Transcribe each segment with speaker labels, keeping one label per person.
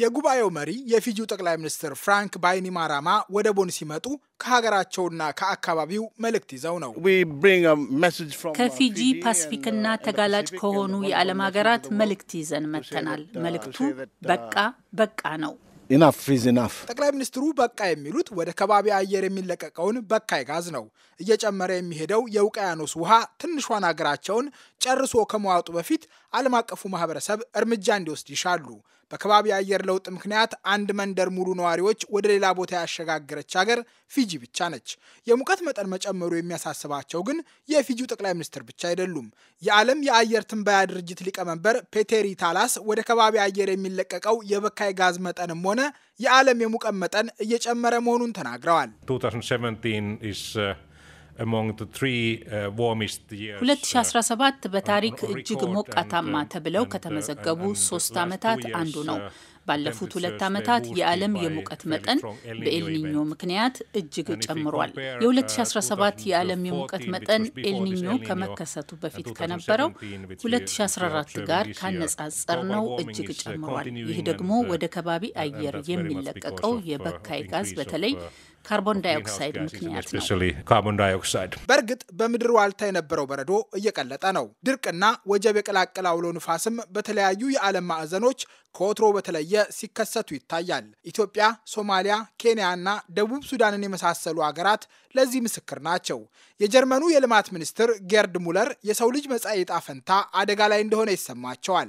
Speaker 1: የጉባኤው መሪ የፊጂው ጠቅላይ ሚኒስትር ፍራንክ ባይኒማራማ ወደ ቦን ሲመጡ ከሀገራቸውና ከአካባቢው መልእክት ይዘው ነው። ከፊጂ
Speaker 2: ፓስፊክና uh, ተጋላጭ ከሆኑ የዓለም ሀገራት መልእክት ይዘን መጥተናል። uh, መልእክቱ uh, በቃ በቃ ነው።
Speaker 1: ኢናፍ ኢዝ ኢናፍ። ጠቅላይ ሚኒስትሩ በቃ የሚሉት ወደ ከባቢ አየር የሚለቀቀውን በካይ ጋዝ ነው። እየጨመረ የሚሄደው የውቅያኖስ ውሃ ትንሿን ሀገራቸውን ጨርሶ ከመዋጡ በፊት ዓለም አቀፉ ማህበረሰብ እርምጃ እንዲወስድ ይሻሉ። በከባቢ አየር ለውጥ ምክንያት አንድ መንደር ሙሉ ነዋሪዎች ወደ ሌላ ቦታ ያሸጋገረች ሀገር ፊጂ ብቻ ነች። የሙቀት መጠን መጨመሩ የሚያሳስባቸው ግን የፊጂው ጠቅላይ ሚኒስትር ብቻ አይደሉም። የዓለም የአየር ትንበያ ድርጅት ሊቀመንበር ፔቴሪ ታላስ ወደ ከባቢ አየር የሚለቀቀው የበካይ ጋዝ መጠንም ሆነ የዓለም የሙቀት መጠን እየጨመረ መሆኑን ተናግረዋል። 2017 2017 uh, uh,
Speaker 2: በታሪክ እጅግ ሞቃታማ uh, ተብለው ከተመዘገቡ ሶስት ዓመታት አንዱ ነው። ባለፉት ሁለት ዓመታት የዓለም የሙቀት መጠን በኤልኒኞ ምክንያት እጅግ ጨምሯል። የ2017 የዓለም የሙቀት መጠን ኤልኒኞ ከመከሰቱ በፊት ከነበረው 2014 ጋር ካነጻጸር ነው እጅግ ጨምሯል። ይህ ደግሞ ወደ ከባቢ አየር የሚለቀቀው የበካይ ጋዝ በተለይ ካርቦን ዳይኦክሳይድ ምክንያት
Speaker 1: ነው። በእርግጥ በምድር ዋልታ የነበረው በረዶ እየቀለጠ ነው። ድርቅና ወጀብ የቀላቀለ አውሎ ንፋስም በተለያዩ የዓለም ማዕዘኖች ከወትሮ በተለየ ሲከሰቱ ይታያል። ኢትዮጵያ፣ ሶማሊያ፣ ኬንያና ደቡብ ሱዳንን የመሳሰሉ አገራት ለዚህ ምስክር ናቸው። የጀርመኑ የልማት ሚኒስትር ጌርድ ሙለር የሰው ልጅ መጻኢ ዕጣ
Speaker 2: ፈንታ አደጋ ላይ እንደሆነ ይሰማቸዋል።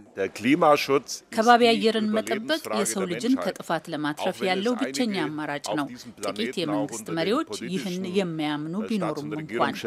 Speaker 2: ከባቢ አየርን መጠበቅ የሰው ልጅን ከጥፋት ለማትረፍ ያለው ብቸኛ አማራጭ ነው። ጥቂት የመንግስት መሪዎች ይህን የሚያምኑ ቢኖሩም እንኳን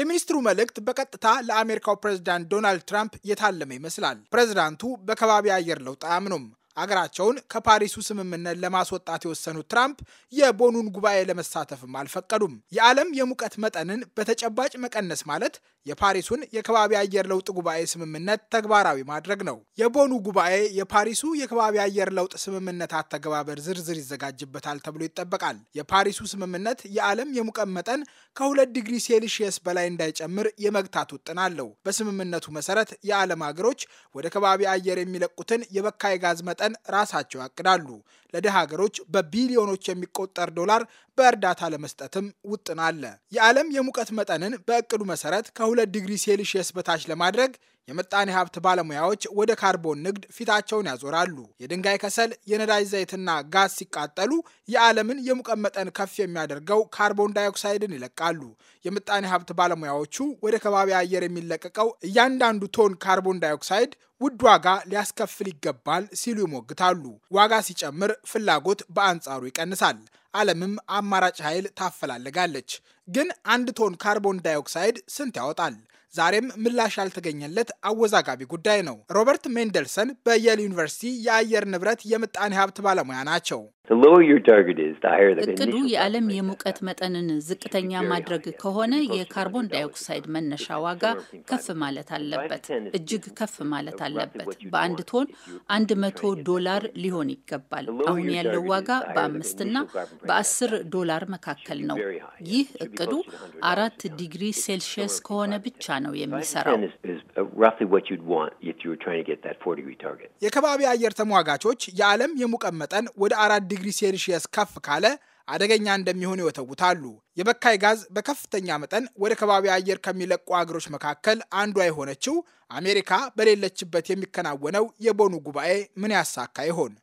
Speaker 1: የሚኒስትሩ መልእክት በቀጥታ ለአሜሪካው ፕሬዝዳንት ዶናልድ ትራምፕ የታለመ ይመስላል። ፕሬዚዳንቱ በከባቢ የአየር ለውጥ አያምኑም። አገራቸውን ከፓሪሱ ስምምነት ለማስወጣት የወሰኑት ትራምፕ የቦኑን ጉባኤ ለመሳተፍም አልፈቀዱም። የዓለም የሙቀት መጠንን በተጨባጭ መቀነስ ማለት የፓሪሱን የከባቢ አየር ለውጥ ጉባኤ ስምምነት ተግባራዊ ማድረግ ነው። የቦኑ ጉባኤ የፓሪሱ የከባቢ አየር ለውጥ ስምምነት አተገባበር ዝርዝር ይዘጋጅበታል ተብሎ ይጠበቃል። የፓሪሱ ስምምነት የዓለም የሙቀት መጠን ከሁለት ዲግሪ ሴልሺየስ በላይ እንዳይጨምር የመግታት ውጥን አለው። በስምምነቱ መሰረት የዓለም ሀገሮች ወደ ከባቢ አየር የሚለቁትን የበካይ ጋዝ መጠን መጠን ራሳቸው ያቅዳሉ። ለድሃ ሀገሮች በቢሊዮኖች የሚቆጠር ዶላር በእርዳታ ለመስጠትም ውጥን አለ። የዓለም የሙቀት መጠንን በእቅዱ መሰረት ከሁለት ዲግሪ ሴልሺየስ በታች ለማድረግ የምጣኔ ሀብት ባለሙያዎች ወደ ካርቦን ንግድ ፊታቸውን ያዞራሉ። የድንጋይ ከሰል፣ የነዳጅ ዘይትና ጋዝ ሲቃጠሉ የዓለምን የሙቀት መጠን ከፍ የሚያደርገው ካርቦን ዳይኦክሳይድን ይለቃሉ። የምጣኔ ሀብት ባለሙያዎቹ ወደ ከባቢ አየር የሚለቀቀው እያንዳንዱ ቶን ካርቦን ዳይኦክሳይድ ውድ ዋጋ ሊያስከፍል ይገባል ሲሉ ይሞግታሉ። ዋጋ ሲጨምር ፍላጎት በአንጻሩ ይቀንሳል። ዓለምም አማራጭ ኃይል ታፈላልጋለች። ግን አንድ ቶን ካርቦን ዳይኦክሳይድ ስንት ያወጣል? ዛሬም ምላሽ ያልተገኘለት አወዛጋቢ ጉዳይ ነው። ሮበርት ሜንደልሰን በየል ዩኒቨርሲቲ የአየር ንብረት የምጣኔ ሀብት ባለሙያ ናቸው።
Speaker 2: እቅዱ የዓለም የሙቀት መጠንን ዝቅተኛ ማድረግ ከሆነ የካርቦን ዳይኦክሳይድ መነሻ ዋጋ ከፍ ማለት አለበት፣ እጅግ ከፍ ማለት አለበት። በአንድ ቶን አንድ መቶ ዶላር ሊሆን ይገባል። አሁን ያለው ዋጋ በአምስትና በአስር ዶላር መካከል ነው። ይህ እቅዱ አራት ዲግሪ ሴልሺየስ ከሆነ ብቻ ነው ነው የሚሰራው። uh, የከባቢ አየር ተሟጋቾች
Speaker 1: የዓለም የሙቀት መጠን ወደ አራት ዲግሪ ሴልሽየስ ከፍ ካለ አደገኛ እንደሚሆን ይወተውታሉ። የበካይ ጋዝ በከፍተኛ መጠን ወደ ከባቢ አየር ከሚለቁ አገሮች መካከል አንዷ የሆነችው አሜሪካ በሌለችበት የሚከናወነው የቦኑ ጉባኤ ምን ያሳካ ይሆን?